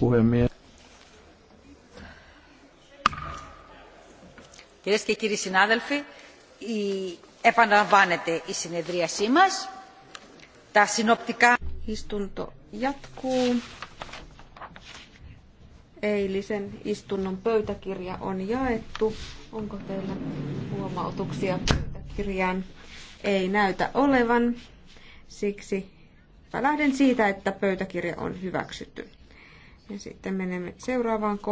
puhemies. Κυρίες και κύριοι συνάδελφοι, η... επαναλαμβάνεται η συνεδρίασή μας. Τα συνοπτικά... Istunto jatkuu. Eilisen istunnon pöytäkirja on jaettu. Onko teillä huomautuksia pöytäkirjaan? Ei näytä olevan. Siksi Mä lähden siitä, että pöytäkirja on hyväksytty. Ja sitten menemme seuraavaan kohtaan.